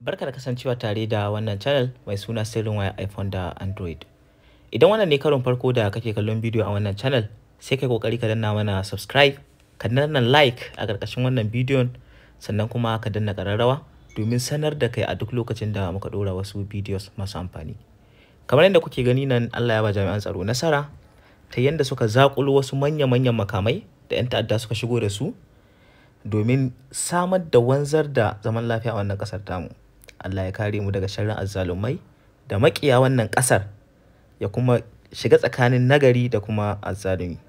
Barka da kasancewa tare da wannan channel mai suna sirrin waya iPhone da Android. Idan wannan ne karin farko da kake kallon bidiyo a wannan channel, sai kai kokari ka danna mana subscribe, ka danna like a karkashin wannan bidiyon, sannan kuma ka danna ƙararrawa domin sanar da kai a duk lokacin da muka dora wasu bidiyos masu amfani. Kamar yadda kuke gani nan Allah ya ba jami'an tsaro nasara ta yadda suka zaƙulo wasu manya-manyan makamai da 'yan ta'adda suka shigo da su domin samar da wanzar da zaman lafiya a wannan ƙasar tamu. Allah ya kare mu daga sharrin azzalumai da makiya wannan kasar ya kuma shiga tsakanin nagari da kuma azzalumi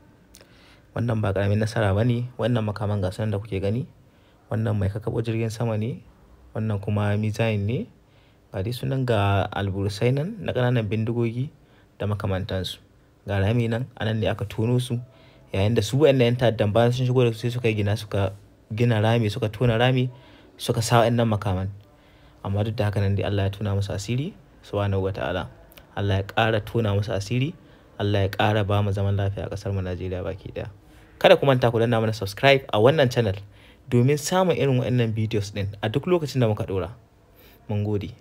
wannan ba karamin nasara ba ne wannan makaman gasar da kuke gani wannan mai kakabo jirgin sama ne wannan kuma mizayin ne ga dai sunan ga alburusai nan na ƙananan bindigogi da makamantansu ga rami nan a nan ne aka tono su yayin da su waɗannan 'yan ta'addan bayan sun shigo da su sai suka gina gina rami suka tona rami suka sa waɗannan makaman amma duk da haka nan dai Allah ya tuna musu asiri subhanahu wata'ala Allah ya ƙara tuna musu asiri Allah ya ƙara ba mu zaman lafiya a ƙasar mu Najeriya baki ɗaya kada ku manta ku danna mana subscribe a wannan channel domin samun irin waɗannan videos ɗin a duk lokacin da muka ɗora mun gode